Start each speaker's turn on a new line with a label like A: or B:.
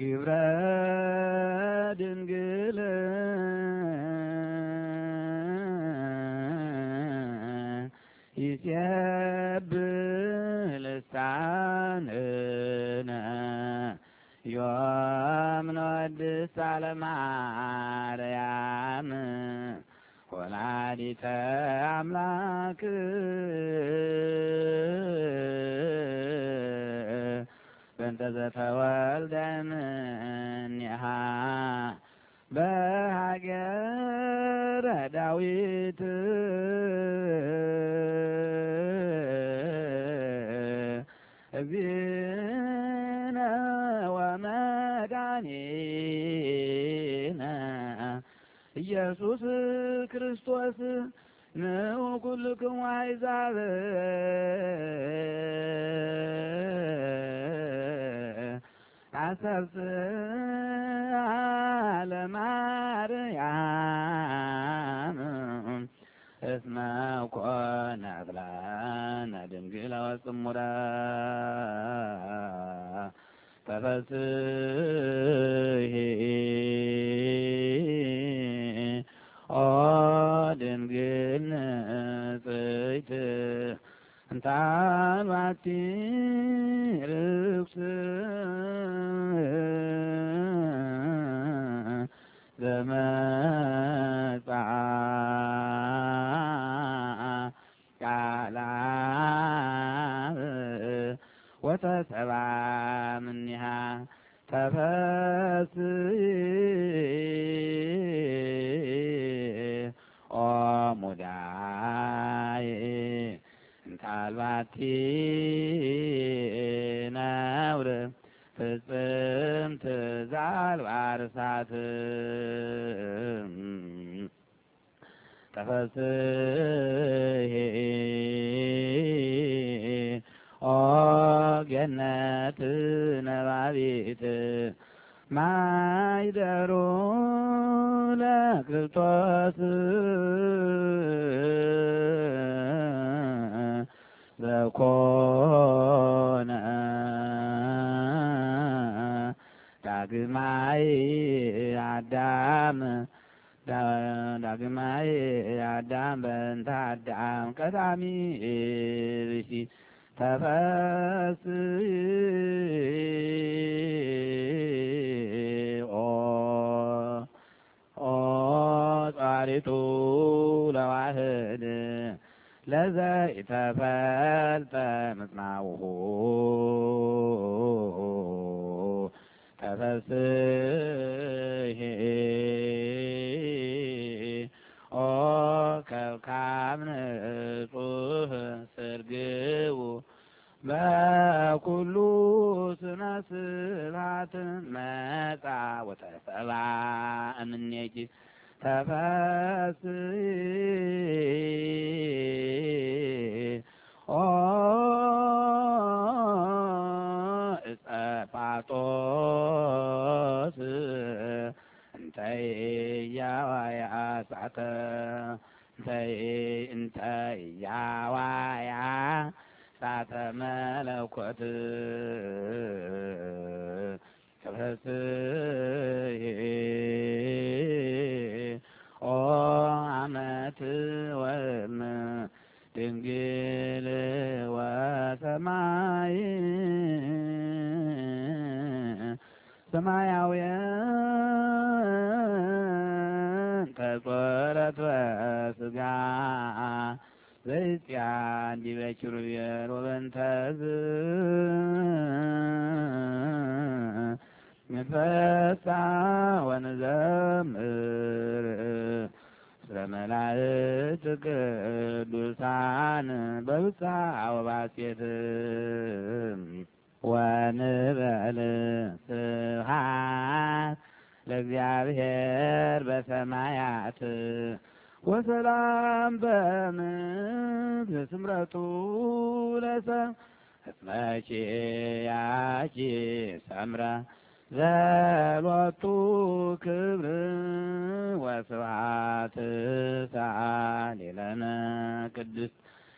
A: ግብረ ድንግል ይጼብል ልሳንነ ዮምንወድስ አለማርያም ወላዲተ አምላክ ተዘተወልደ እምኔሃ በሀገረ ዳዊት እግዝእነ ወመድኃኒነ ኢየሱስ ክርስቶስ ንዑ ኩልክሙ አሕዛብ ሰብስባ ለማርያም እስመ ኮነ ብላነ ድንግል ወጽሙራ ተፈስሒ ኦ ድንግል ንጽሕት እንታ ባቲ ርኩስ ዘመጻ ቃላብ ወተሰባ ምኒሃ ተፈስ ናቲናውር ፍጽምት ዛልባ ርሳት ተፈስሄ ኦ ገነት ነባቢት ማይደሩ ለክርስቶስ በኮነ ዳግማይ አዳም ዳግማይ አዳም በእንተ አዳም ቀዳሚ ብሲ ተፈስ ለዘ ኢተፈልጠ ምጽናውሁ ተፈስሒ ኦ ከብካም ንጹህ ስርግቡ በኩሉ ስነ ስብሐት መጻ ወተሰባ እምኔኪ ተፈስሒ ተ ዘኢንተ ያዋያ ሳተ መለኮት ክብርት ኦ አመት ወም ድንግል ወሰማይ ሰማያውያ ዘበረት ወስጋ ዘይፅያን ዲበ ኪሩቤል ወበንተዝ ንፈሳ ወንዘምር እስረ መላእክት ቅዱሳን በብፃ ወባሴት ወሰላም በምድር ስምረቱ ለሰብ መቼ ያቺ ሰምረ ዘሎቱ ክብር ወስብሐት ቅድስት